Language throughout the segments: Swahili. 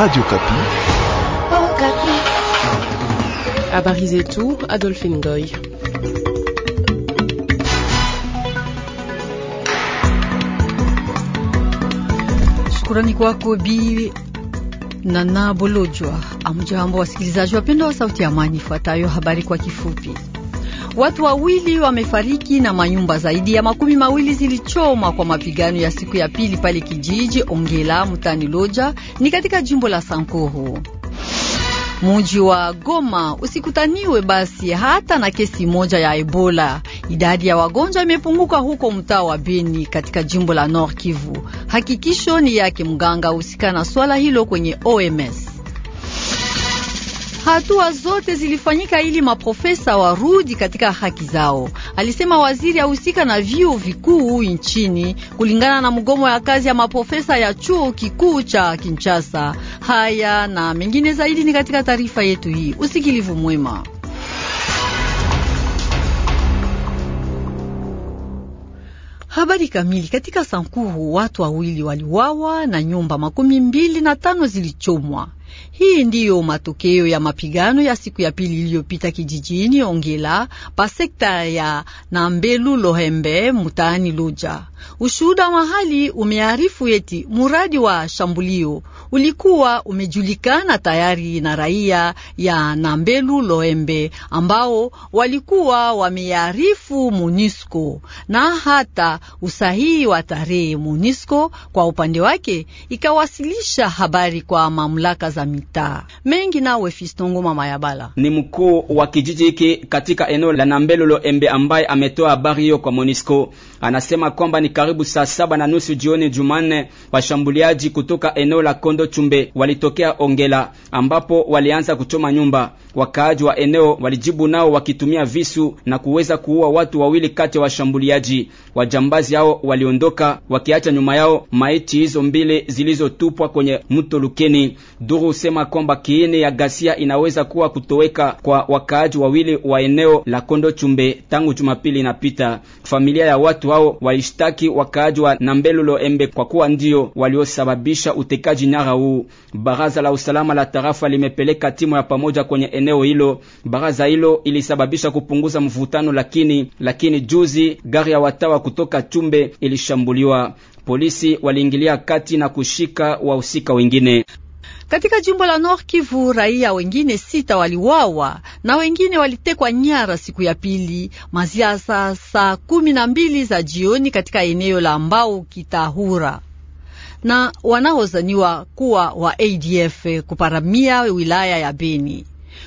Radio Kapi. Oh, Kapi. Habari zetu, Adolphe Ngoy. Shukrani kwako Bi Nana Bolojwa. Amjambo wasikilizaji wapendwa wa Sauti ya Amani, ifuatayo habari kwa kifupi. Watu wawili wamefariki na manyumba zaidi ya makumi mawili zilichomwa kwa mapigano ya siku ya pili pale kijiji Ongela mtani Loja ni katika jimbo la Sankuru. Muji wa Goma usikutaniwe basi hata na kesi moja ya Ebola. Idadi ya wagonjwa imepunguka huko mtaa wa Beni katika jimbo la Nord Kivu. Hakikisho ni yake mganga husika na swala hilo kwenye OMS. Hatua zote zilifanyika ili maprofesa warudi katika haki zao, alisema waziri ahusika na vyuo vikuu nchini, kulingana na mgomo ya kazi ya maprofesa ya chuo kikuu cha Kinshasa. Haya na mengine zaidi ni katika taarifa yetu hii. Usikilivu mwema. Habari kamili katika Sankuru, watu wawili waliwawa na nyumba makumi mbili na tano zilichomwa hii ndiyo matokeo ya mapigano ya siku ya pili iliyopita kijijini Ongela pa sekta ya Nambelu Lohembe mutaani Luja. Ushuhuda wa hali umearifu eti muradi wa shambulio ulikuwa umejulikana tayari na raia ya Nambelu Lohembe ambao walikuwa wamearifu Munisco na hata usahihi wa tarehe. Munisco kwa upande wake ikawasilisha habari kwa mamlaka za za mitaa mengi. Nawe mama ya bala ni mkuu wa kijiji hiki katika eneo la Nambelolo Embe, ambaye ametoa habari hiyo kwa Monisco. Anasema kwamba ni karibu saa saba na nusu jioni Jumanne, washambuliaji kutoka eneo la Kondo Chumbe walitokea Ongela ambapo walianza kuchoma nyumba Wakaaji wa eneo walijibu nao wakitumia visu na kuweza kuua watu wawili kati ya wa washambuliaji. Wajambazi hao waliondoka wakiacha nyuma yao maiti hizo mbili zilizotupwa kwenye mto Lukeni. Duru husema kwamba kiini ya ghasia inaweza kuwa kutoweka kwa wakaaji wawili wa eneo la Kondo Chumbe tangu Jumapili inapita. Familia ya watu hao walishtaki wakaaji wa Nambelulo Embe kwa kuwa ndio waliosababisha utekaji nyara huu. Baraza la usalama la tarafa limepeleka timu ya pamoja kwenye eneo hilo. Baraza hilo ilisababisha kupunguza mvutano, lakini lakini juzi gari ya watawa kutoka Chumbe ilishambuliwa. Polisi waliingilia kati na kushika wahusika wengine. Katika jimbo la Nord Kivu raia wengine sita waliwawa na wengine walitekwa nyara siku ya pili maziasa saa saa kumi na mbili za jioni katika eneo la Mbau Kitahura na wanaozaniwa kuwa wa ADF kuparamia wilaya ya Beni.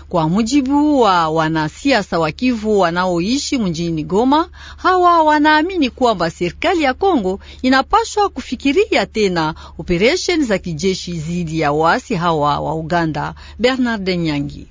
Kwa mujibu wa wanasiasa wa Kivu wanaoishi mjini Goma, hawa wanaamini kwamba serikali ya Kongo inapaswa kufikiria tena operesheni za kijeshi dhidi ya waasi hawa wa Uganda. Bernard Nyangi,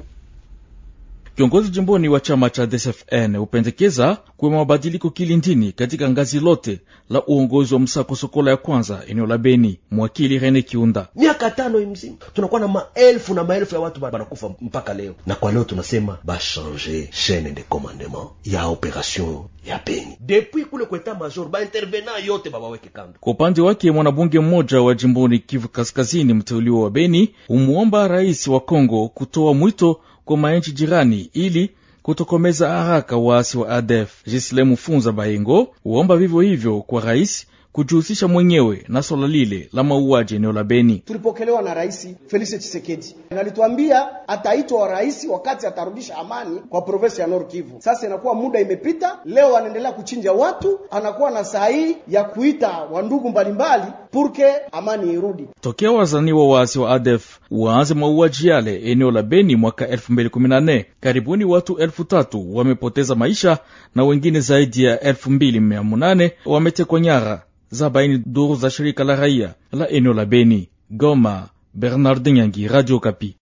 kiongozi jimboni wa chama cha DSFN, hupendekeza kuwe mabadiliko kilindini katika ngazi lote la uongozi wa msako sokola ya kwanza eneo la Beni. Mwakili Rene Kiunda: miaka tano imzima tunakuwa na maelfu na maelfu ya watu banakufa mpaka leo, na kwa leo tunasema bachange chaine de commandement ya operation ya Beni depuis kule kweta major baintervena yote babaweke kando. Kwa upande wake mwanabunge mmoja wa jimboni Kivu Kaskazini, mteuliwa wa Beni, humwomba rais wa Kongo kutoa mwito kwa manchi jirani ili kutokomeza haraka waasi wa ADF. Gislemu Funza Bayengo uomba vivyo hivyo kwa rais kujihusisha mwenyewe na swala lile la mauaji eneo la Beni. Tulipokelewa na Rais Felix Tshisekedi na alituambia ataitwa rais wakati atarudisha amani kwa provensi ya Nord Kivu. Sasa inakuwa muda imepita, leo anaendelea kuchinja watu, anakuwa na sahihi ya kuita wandugu mbalimbali purke amani irudi. Tokea wazaniwa waasi wa ADF waanze mauaji yale eneo la Beni mwaka 2014 karibuni watu elfu tatu wamepoteza maisha na wengine zaidi ya elfu mbili mia nane wametekwa nyara za baini duru za shirika la raia la eneo la Beni. Goma, Bernard Nyangi, Radio Kapi.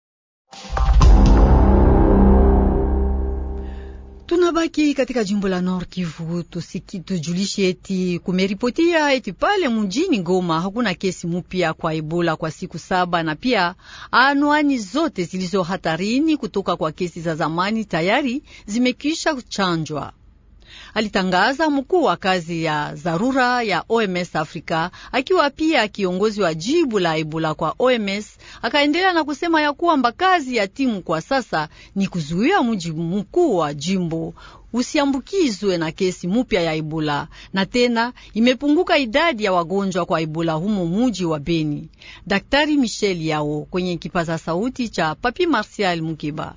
Tunabaki katika jimbo la Nord Kivu, tujulishe eti kumeripotia eti pale mjini Goma hakuna kesi mupya kwa Ebola kwa siku saba, na pia anwani zote zilizo hatarini kutoka kwa kesi za zamani tayari zimekisha kuchanjwa alitangaza mkuu wa kazi ya dharura ya OMS Africa, akiwa pia kiongozi wa jibu la Ebola kwa OMS. Akaendelea na kusema ya kwamba kazi ya timu kwa sasa ni kuzuia mji mkuu wa jimbo usiambukizwe na kesi mupya ya Ebola na tena imepunguka idadi ya wagonjwa kwa Ebola humo muji wa Beni. Daktari Michel Yao kwenye kipaza sauti cha Papi Martial Mukiba.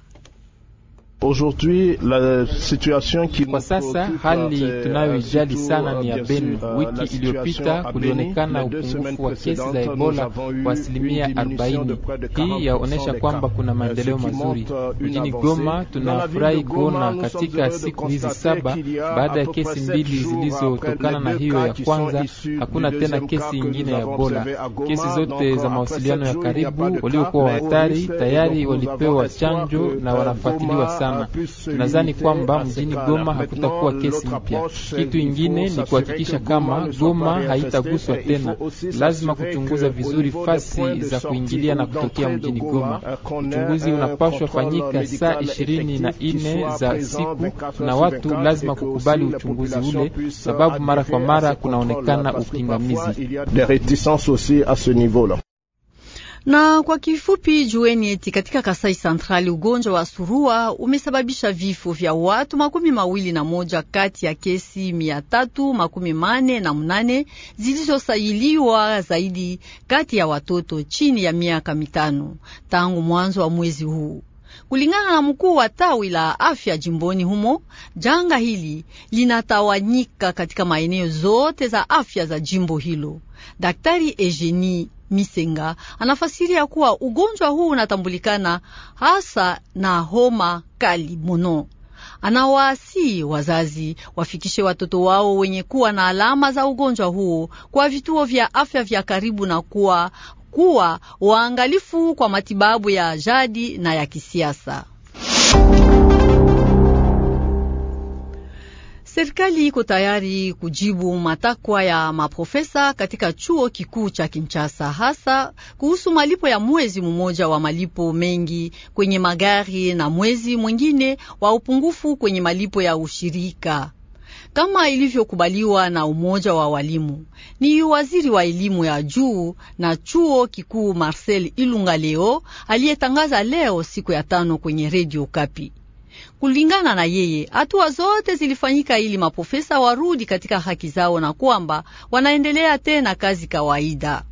Kwa sasa hali euh, tunayoijali sana euh, ni ya Beni. Wiki euh, iliyopita kulionekana upungufu wa kesi za Ebola kwa asilimia 40. Hii yaonyesha kwamba kuna maendeleo mazuri mjini Goma. Tunafurahi kuona katika siku hizi saba, baada ya kesi mbili zilizotokana na hiyo ya kwanza, hakuna tena kesi nyingine ya Ebola. Kesi zote za mawasiliano ya karibu waliokuwa hatari tayari walipewa chanjo na wanafuatiliwa sana sana. Nadhani kwamba mjini Goma hakutakuwa kesi mpya. Kitu ingine ni kuhakikisha kama Goma haitaguswa tena. Lazima kuchunguza vizuri fasi za kuingilia na kutokea mjini Goma. Uchunguzi unapashwa fanyika saa ishirini na ine za siku, na watu lazima kukubali uchunguzi ule, sababu mara kwa mara kunaonekana upingamizi. Na kwa kifupi, jueni eti katika Kasai Santrali ugonjwa wa surua umesababisha vifo vya watu makumi mawili na moja kati ya kesi mia tatu makumi mane na mnane zilizosailiwa zaidi kati ya watoto chini ya miaka mitano tangu mwanzo wa mwezi huu. Kulingana na mkuu wa tawi la afya jimboni humo, janga hili linatawanyika katika maeneo zote za afya za jimbo hilo. Daktari Eugenie Misenga anafasiria kuwa ugonjwa huu unatambulikana hasa na homa kali mono. Anawaasi wazazi wafikishe watoto wao wenye kuwa na alama za ugonjwa huo kwa vituo vya afya vya karibu na kuwa kuwa waangalifu kwa matibabu ya jadi na ya kisiasa. Serikali iko tayari kujibu matakwa ya maprofesa katika chuo kikuu cha Kinshasa, hasa kuhusu malipo ya mwezi mmoja wa malipo mengi kwenye magari na mwezi mwingine wa upungufu kwenye malipo ya ushirika kama ilivyokubaliwa na umoja wa walimu. Ni waziri wa elimu ya juu na chuo kikuu Marcel Ilunga leo aliyetangaza leo siku ya tano kwenye redio Kapi Kulingana na yeye, hatua zote zilifanyika ili maprofesa warudi katika haki zao na kwamba wanaendelea tena kazi kawaida.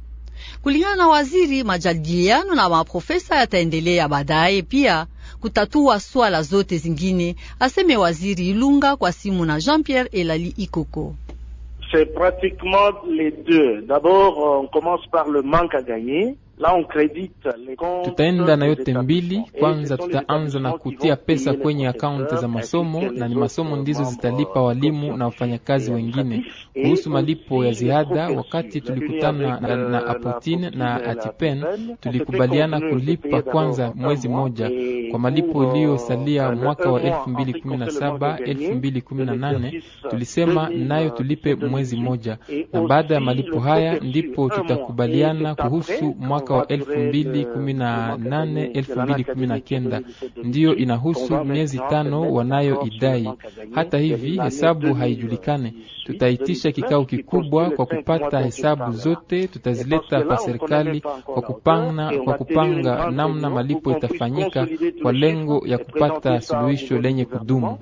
Kulingana na waziri, majadiliano na maprofesa yataendelea baadaye pia kutatua swala zote zingine, aseme waziri Ilunga kwa simu na Jean Pierre Elali Ikoko. C'est pratiquement les deux. D'abord, on commence par le manque à gagner. Tutaenda na yote mbili. Kwanza tutaanza na kutia pesa kwenye akaunti za masomo, na ni masomo ndizo zitalipa walimu na wafanyakazi wengine. Kuhusu malipo ya ziada, wakati tulikutana na, na Apotine na Atipen tulikubaliana kulipa kwanza mwezi moja kwa malipo iliyosalia uh, mwaka wa 2017 2018, uh, tulisema uh, nayo tulipe mwezi moja, na baada ya malipo haya ndipo um, tutakubaliana kuhusu mwaka wa 2018 2019, ndiyo inahusu miezi tano wanayoidai. Hata hivi hesabu haijulikane. Tutaitisha kikao kikubwa kwa kupata hesabu zote, tutazileta kwa serikali kwa kupanga, kwa kupanga namna malipo itafanyika kwa lengo ya kupata suluhisho lenye kudumu.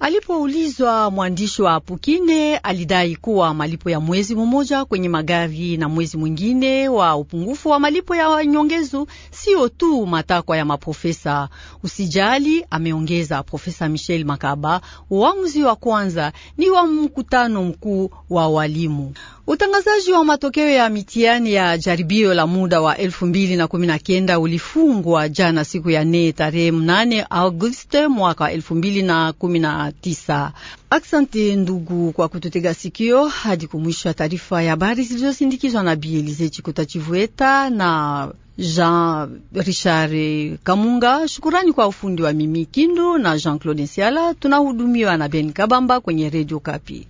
Alipoulizwa, mwandishi wa pukine alidai kuwa malipo ya mwezi mmoja kwenye magari na mwezi mwingine wa upungufu wa malipo ya nyongezo sio tu matakwa ya maprofesa. Usijali, ameongeza Profesa Michel Makaba, uamuzi wa kwanza ni wa mkutano mkuu wa walimu. Utangazaji wa matokeo ya mitihani ya jaribio la muda wa elfu mbili na kumi na kenda ulifungwa jana siku ya nne tarehe mnane Agosti mwaka elfu mbili na kumi na tisa. Aksante ndugu kwa kututega sikio hadi ya taarifa ya habari zilizosindikizwa na Bielize Chikuta Chivueta na Jean Richard Kamunga. Shukurani kwa ufundi wa Mimi Kindu na Jean Claude Nsiala. Tunahudumiwa na Ben Kabamba kwenye Radio Kapi.